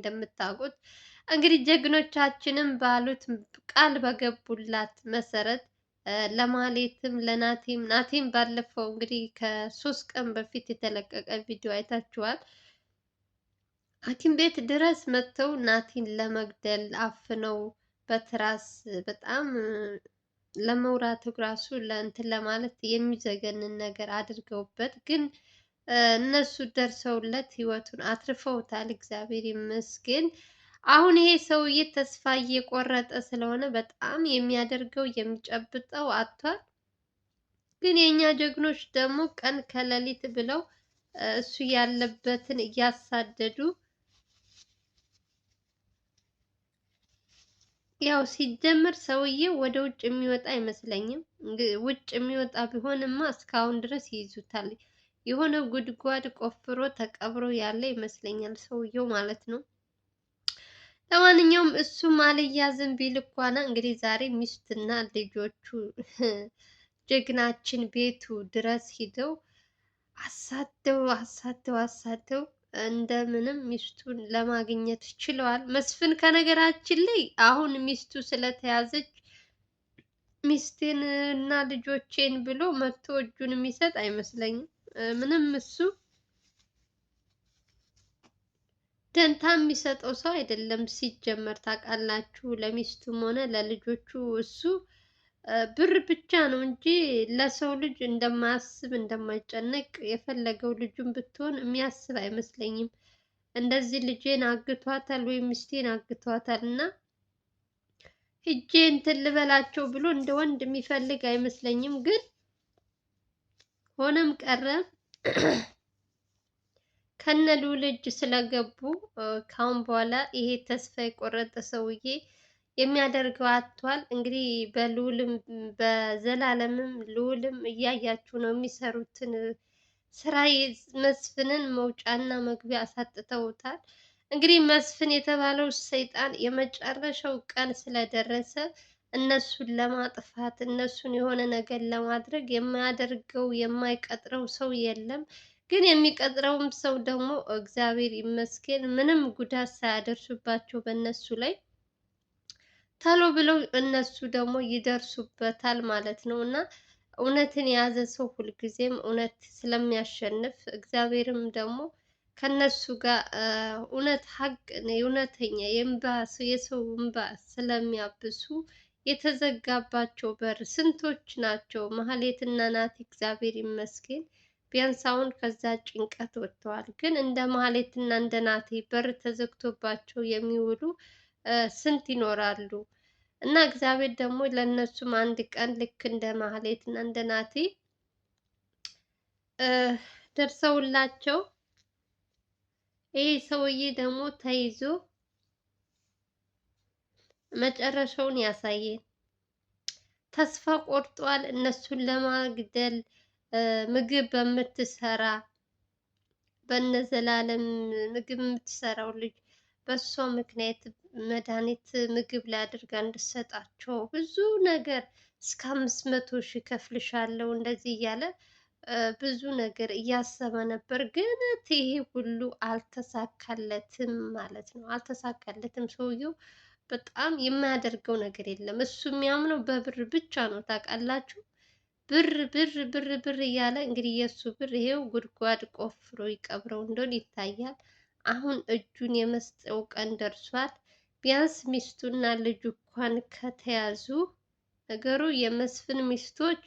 እንደምታውቁት እንግዲህ ጀግኖቻችንም ባሉት ቃል በገቡላት መሰረት ለማሌትም ለናቴም ናቴም ባለፈው እንግዲህ ከሶስት ቀን በፊት የተለቀቀ ቪዲዮ አይታችኋል። ሐኪም ቤት ድረስ መጥተው ናቲን ለመግደል አፍነው በትራስ በጣም ለመውራት እራሱ ለእንትን ለማለት የሚዘገንን ነገር አድርገውበት ግን እነሱ ደርሰውለት ህይወቱን አትርፈውታል። እግዚአብሔር ይመስገን። አሁን ይሄ ሰውዬ ተስፋ እየቆረጠ ስለሆነ በጣም የሚያደርገው የሚጨብጠው አጥቷል። ግን የእኛ ጀግኖች ደግሞ ቀን ከሌሊት ብለው እሱ ያለበትን እያሳደዱ ያው ሲጀምር ሰውዬ ወደ ውጭ የሚወጣ አይመስለኝም። ውጭ የሚወጣ ቢሆንማ እስካሁን ድረስ ይይዙታል። የሆነ ጉድጓድ ቆፍሮ ተቀብሮ ያለ ይመስለኛል ሰውየው ማለት ነው። ለማንኛውም እሱም አልያዝም ቢል እንኳን እንግዲህ ዛሬ ሚስትና ልጆቹ ጀግናችን ቤቱ ድረስ ሂደው አሳደው አሳደው አሳደው እንደምንም ሚስቱን ለማግኘት ችለዋል። መስፍን ከነገራችን ላይ አሁን ሚስቱ ስለተያዘች ሚስቴን እና ልጆቼን ብሎ መጥቶ እጁን የሚሰጥ አይመስለኝም። ምንም እሱ ደንታ የሚሰጠው ሰው አይደለም። ሲጀመር ታውቃላችሁ፣ ለሚስቱም ሆነ ለልጆቹ እሱ ብር ብቻ ነው እንጂ ለሰው ልጅ እንደማያስብ እንደማይጨነቅ የፈለገው ልጁን ብትሆን የሚያስብ አይመስለኝም። እንደዚህ ልጄን አግቷታል ወይም ሚስቴን አግቷታል እና ሂጄ እንትን ልበላቸው ብሎ እንደ ወንድ የሚፈልግ አይመስለኝም ግን ሆነም ቀረ ከነሉ ልጅ ስለገቡ ካሁን በኋላ ይሄ ተስፋ የቆረጠ ሰውዬ የሚያደርገው አጥቷል። እንግዲህ በልዑልም በዘላለምም ልዑልም እያያችሁ ነው የሚሰሩትን ስራ። መስፍንን መውጫና መግቢያ አሳጥተውታል። እንግዲህ መስፍን የተባለው ሰይጣን የመጨረሻው ቀን ስለደረሰ እነሱን ለማጥፋት እነሱን የሆነ ነገር ለማድረግ የማያደርገው የማይቀጥረው ሰው የለም። ግን የሚቀጥረውም ሰው ደግሞ እግዚአብሔር ይመስገን ምንም ጉዳት ሳያደርሱባቸው በእነሱ ላይ ተሎ ብለው እነሱ ደግሞ ይደርሱበታል ማለት ነው እና እውነትን የያዘ ሰው ሁልጊዜም እውነት ስለሚያሸንፍ እግዚአብሔርም ደግሞ ከነሱ ጋር እውነት ሀቅ የእውነተኛ የእንባ የሰው እንባ ስለሚያብሱ የተዘጋባቸው በር ስንቶች ናቸው? ማህሌትና ናቲ እግዚአብሔር ይመስገን ቢያንስ አሁን ከዛ ጭንቀት ወጥተዋል። ግን እንደ ማህሌትና እንደ ናቲ በር ተዘግቶባቸው የሚውሉ ስንት ይኖራሉ? እና እግዚአብሔር ደግሞ ለእነሱም አንድ ቀን ልክ እንደ ማህሌትና እንደ ናቲ ደርሰውላቸው ይህ ሰውዬ ደግሞ ተይዞ መጨረሻውን ያሳየን። ተስፋ ቆርጧል። እነሱን ለማግደል ምግብ በምትሰራ በነዘላለም ምግብ የምትሰራው ልጅ በእሷ ምክንያት መድኃኒት ምግብ ላይ አድርጋ እንድሰጣቸው ብዙ ነገር እስከ አምስት መቶ ሺ ከፍልሻለሁ እንደዚህ እያለ ብዙ ነገር እያሰበ ነበር። ግን ይሄ ሁሉ አልተሳካለትም ማለት ነው። አልተሳካለትም ሰውየው በጣም የማያደርገው ነገር የለም። እሱ የሚያምነው በብር ብቻ ነው። ታውቃላችሁ፣ ብር ብር ብር ብር እያለ እንግዲህ የእሱ ብር ይሄው ጉድጓድ ቆፍሮ ይቀብረው እንደሆን ይታያል። አሁን እጁን የመስጠው ቀን ደርሷል። ቢያንስ ሚስቱና ልጁ እንኳን ከተያዙ ነገሩ የመስፍን ሚስቶች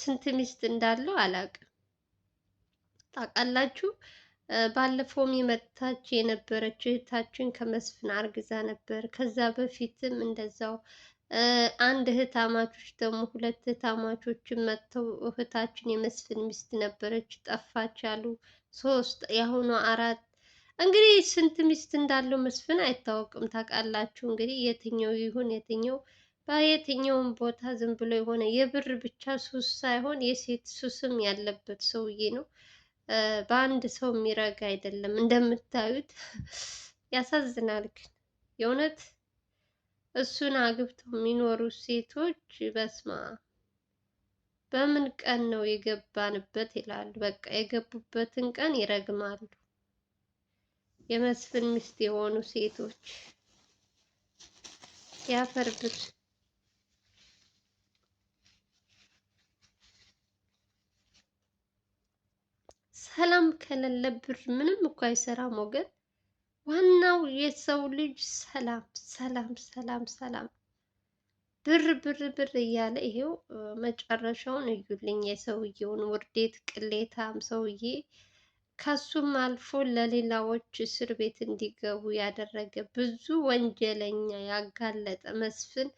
ስንት ሚስት እንዳለው አላውቅም። ታውቃላችሁ ባለፈውም የመታች የነበረች እህታችን ከመስፍን አርግዛ ነበር። ከዛ በፊትም እንደዛው አንድ እህት አማቾች ደግሞ ሁለት እህት አማቾችን መጥተው እህታችን የመስፍን ሚስት ነበረች ጠፋች አሉ። ሶስት የአሁኗ አራት። እንግዲህ ስንት ሚስት እንዳለው መስፍን አይታወቅም። ታውቃላችሁ እንግዲህ የትኛው ይሁን የትኛው በየትኛውም ቦታ ዝም ብሎ የሆነ የብር ብቻ ሱስ ሳይሆን የሴት ሱስም ያለበት ሰውዬ ነው። በአንድ ሰው የሚረጋ አይደለም እንደምታዩት ያሳዝናል። ግን የእውነት እሱን አግብተው የሚኖሩ ሴቶች በስማ በምን ቀን ነው የገባንበት ይላሉ። በቃ የገቡበትን ቀን ይረግማሉ። የመስፍን ሚስት የሆኑ ሴቶች ያፈርብት ሰላም ከሌለ ብር ምንም እኮ አይሰራም ወገን። ዋናው የሰው ልጅ ሰላም ሰላም ሰላም ሰላም። ብር ብር ብር እያለ ይሄው መጨረሻውን እዩልኝ። የሰውየውን ውርዴት ቅሌታም ሰውዬ ከሱም አልፎ ለሌላዎች እስር ቤት እንዲገቡ ያደረገ ብዙ ወንጀለኛ ያጋለጠ መስፍን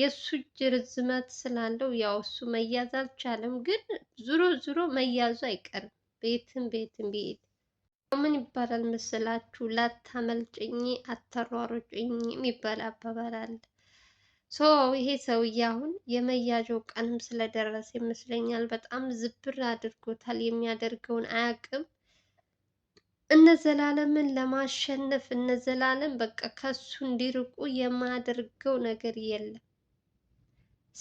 የእሱ እጅ ርዝመት ስላለው ያው እሱ መያዝ አልቻለም፣ ግን ዙሮ ዙሮ መያዙ አይቀርም። ቤትም ቤትም ቤት ምን ይባላል መሰላችሁ? ላታመልጭኝ አታሯሩጭኝ የሚባል አባባል አለ። ሶ ይሄ ሰውዬ አሁን የመያዣው ቀንም ስለደረሰ ይመስለኛል በጣም ዝብር አድርጎታል። የሚያደርገውን አያውቅም። እነ ዘላለምን ለማሸነፍ እነ ዘላለም በቃ ከሱ እንዲርቁ የማያደርገው ነገር የለም።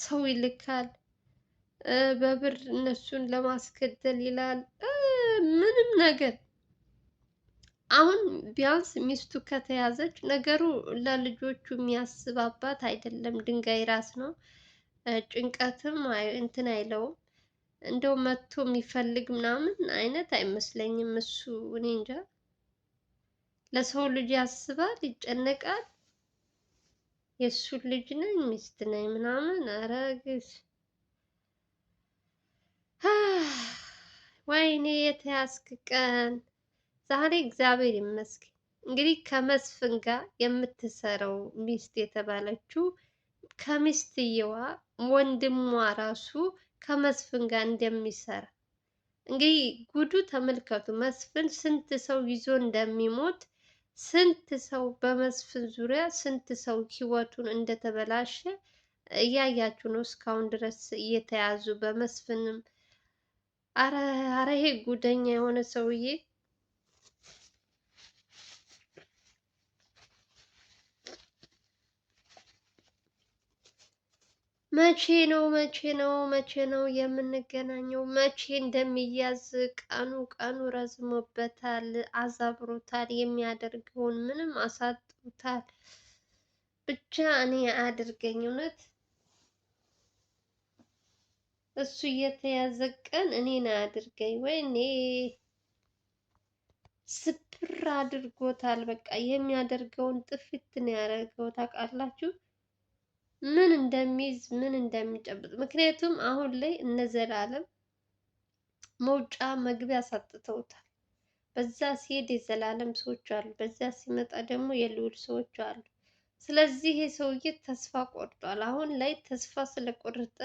ሰው ይልካል፣ በብር እነሱን ለማስገደል ይላል። ምንም ነገር አሁን ቢያንስ ሚስቱ ከተያዘች ነገሩ ለልጆቹ የሚያስባባት አይደለም። ድንጋይ ራስ ነው። ጭንቀትም እንትን አይለውም። እንደው መጥቶ የሚፈልግ ምናምን አይነት አይመስለኝም። እሱ እኔ እንጃ ለሰው ልጅ ያስባል፣ ይጨነቃል። የእሱ ልጅ ነኝ ሚስት ነኝ ምናምን አረግሽ ወይኔ የተያዝክ ቀን ዛሬ እግዚአብሔር ይመስገን። እንግዲህ ከመስፍን ጋር የምትሰራው ሚስት የተባለችው ከሚስትየዋ ወንድሟ ራሱ ከመስፍን ጋር እንደሚሰራ እንግዲህ ጉዱ ተመልከቱ። መስፍን ስንት ሰው ይዞ እንደሚሞት ስንት ሰው በመስፍን ዙሪያ ስንት ሰው ህይወቱን እንደተበላሸ እያያችሁ ነው። እስካሁን ድረስ እየተያዙ በመስፍንም አረ አረ ይሄ ጉደኛ የሆነ ሰውዬ መቼ ነው መቼ ነው መቼ ነው የምንገናኘው? መቼ እንደሚያዝ ቀኑ ቀኑ ረዝሞበታል፣ አዛብሮታል፣ የሚያደርገውን ምንም አሳጥቶታል። ብቻ እኔ አድርገኝ እውነት እሱ እየተያዘ ቀን እኔን አያድርገኝ። ወይኔ ስብር አድርጎታል። በቃ የሚያደርገውን ጥፊት ነው ያደረገው። ታውቃላችሁ ምን እንደሚይዝ ምን እንደሚጨብጥ። ምክንያቱም አሁን ላይ እነ ዘላለም መውጫ መግቢያ አሳጥተውታል። በዛ ሲሄድ የዘላለም ሰዎች አሉ፣ በዛ ሲመጣ ደግሞ የልዑል ሰዎች አሉ። ስለዚህ ይሄ ሰውዬ ተስፋ ቆርጧል። አሁን ላይ ተስፋ ስለቆረጠ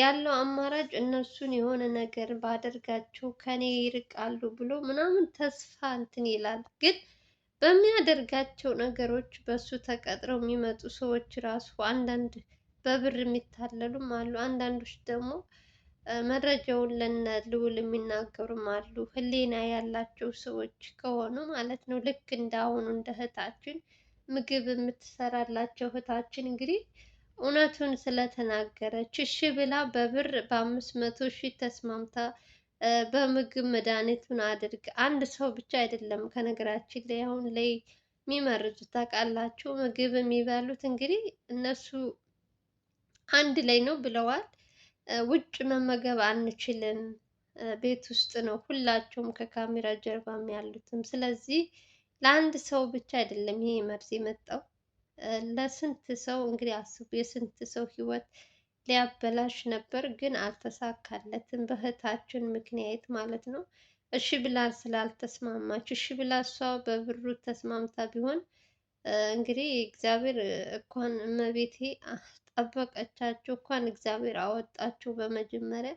ያለው አማራጭ እነሱን የሆነ ነገር ባደርጋቸው ከኔ ይርቃሉ ብሎ ምናምን ተስፋ እንትን ይላል። ግን በሚያደርጋቸው ነገሮች በሱ ተቀጥረው የሚመጡ ሰዎች ራሱ አንዳንድ በብር የሚታለሉም አሉ። አንዳንዶች ደግሞ መረጃውን ለነ ልውል የሚናገሩም አሉ። ህሌና ያላቸው ሰዎች ከሆኑ ማለት ነው። ልክ አሁኑ እንደ እህታችን ምግብ የምትሰራላቸው እህታችን እንግዲህ እውነቱን ስለተናገረች እሺ ብላ በብር በአምስት መቶ ሺህ ተስማምታ በምግብ መድኃኒቱን አድርግ። አንድ ሰው ብቻ አይደለም ከነገራችን ላይ አሁን ላይ የሚመርዙት ታውቃላችሁ። ምግብ የሚበሉት እንግዲህ እነሱ አንድ ላይ ነው ብለዋል። ውጭ መመገብ አንችልም፣ ቤት ውስጥ ነው ሁላቸውም ከካሜራ ጀርባም ያሉትም። ስለዚህ ለአንድ ሰው ብቻ አይደለም ይሄ መርዝ የመጣው ለስንት ሰው እንግዲህ አስቡ፣ የስንት ሰው ህይወት ሊያበላሽ ነበር፣ ግን አልተሳካለትም በእህታችን ምክንያት ማለት ነው። እሺ ብላ ስላልተስማማች፣ እሺ ብላ እሷ በብሩ ተስማምታ ቢሆን እንግዲህ እግዚአብሔር እንኳን እመቤቴ ጠበቀቻቸው፣ እንኳን እግዚአብሔር አወጣቸው። በመጀመሪያ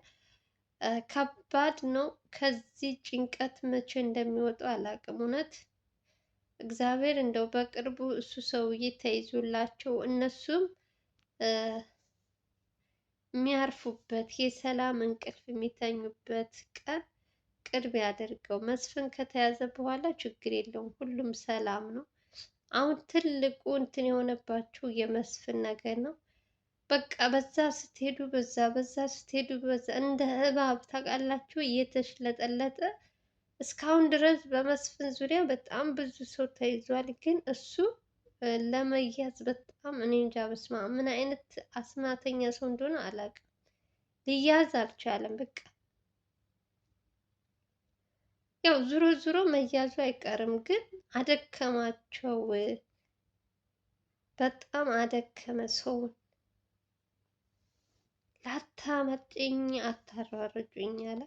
ከባድ ነው። ከዚህ ጭንቀት መቼ እንደሚወጡ አላቅም እውነት እግዚአብሔር እንደው በቅርቡ እሱ ሰውዬ ተይዞላቸው እነሱም የሚያርፉበት የሰላም እንቅልፍ የሚተኙበት ቀን ቅርብ ያደርገው። መስፍን ከተያዘ በኋላ ችግር የለውም፣ ሁሉም ሰላም ነው። አሁን ትልቁ እንትን የሆነባቸው የመስፍን ነገር ነው። በቃ በዛ ስትሄዱ በዛ በዛ ስትሄዱ በዛ እንደ እባብ ታውቃላችሁ እየተሽለጠለጠ እስካሁን ድረስ በመስፍን ዙሪያ በጣም ብዙ ሰው ተይዟል። ግን እሱ ለመያዝ በጣም እኔ እንጃ በስማ ምን አይነት አስማተኛ ሰው እንደሆነ አላውቅም። ሊያዝ አልቻለም። በቃ ያው ዙሮ ዙሮ መያዙ አይቀርም። ግን አደከማቸው፣ በጣም አደከመ ሰውን። ላታመጪኝ አታሯርጩኝ አለ።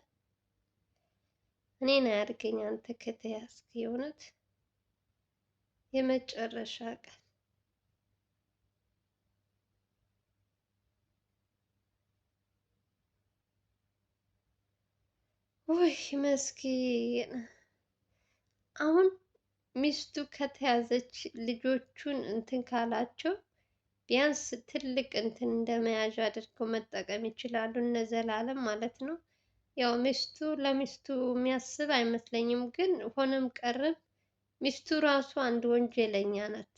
እኔን አያድርገኝ አንተ ከተያዝክ የእውነት የመጨረሻ ቀን ውይ መስኪን አሁን ሚስቱ ከተያዘች ልጆቹን እንትን ካላቸው ቢያንስ ትልቅ እንትን እንደመያዣ አድርገው መጠቀም ይችላሉ እነ ዘላለም ማለት ነው። ያው ሚስቱ ለሚስቱ የሚያስብ አይመስለኝም። ግን ሆነም ቀርም ሚስቱ ራሱ አንድ ወንጀለኛ ናት፣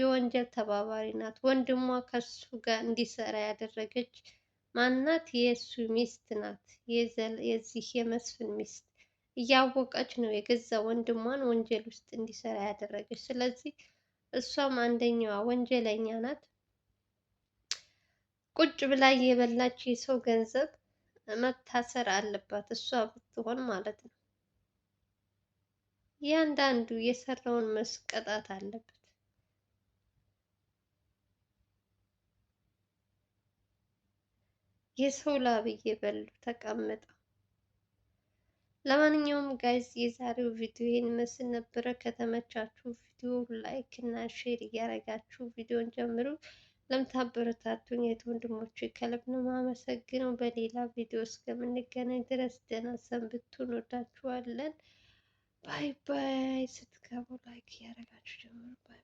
የወንጀል ተባባሪ ናት። ወንድሟ ከሱ ጋር እንዲሰራ ያደረገች ማናት? የእሱ ሚስት ናት። የዚህ የመስፍን ሚስት እያወቀች ነው የገዛ ወንድሟን ወንጀል ውስጥ እንዲሰራ ያደረገች። ስለዚህ እሷም አንደኛዋ ወንጀለኛ ናት። ቁጭ ብላ የበላች የሰው ገንዘብ መታሰር አለባት እሷ ብትሆን ማለት ነው። እያንዳንዱ የሰራውን መስቀጣት አለበት። የሰው ላብ እየበሉ ተቀምጠው። ለማንኛውም ጋይዝ የዛሬው ቪዲዮ ይህን ይመስል ነበረ። ከተመቻችሁ ቪዲዮ ላይክ እና ሼር እያደረጋችሁ ቪዲዮን ጀምሩ። ለምታበረታቱኝ የት ወንድሞቹ ከልብ ነው የማመሰግነው። በሌላ ቪዲዮ እስከምንገናኝ ድረስ ደህና ሰንብቱ። እንወዳችኋለን። ባይ ባይ። ስትገቡ ላይክ እያደረጋችሁ ጀምሩ። ባይ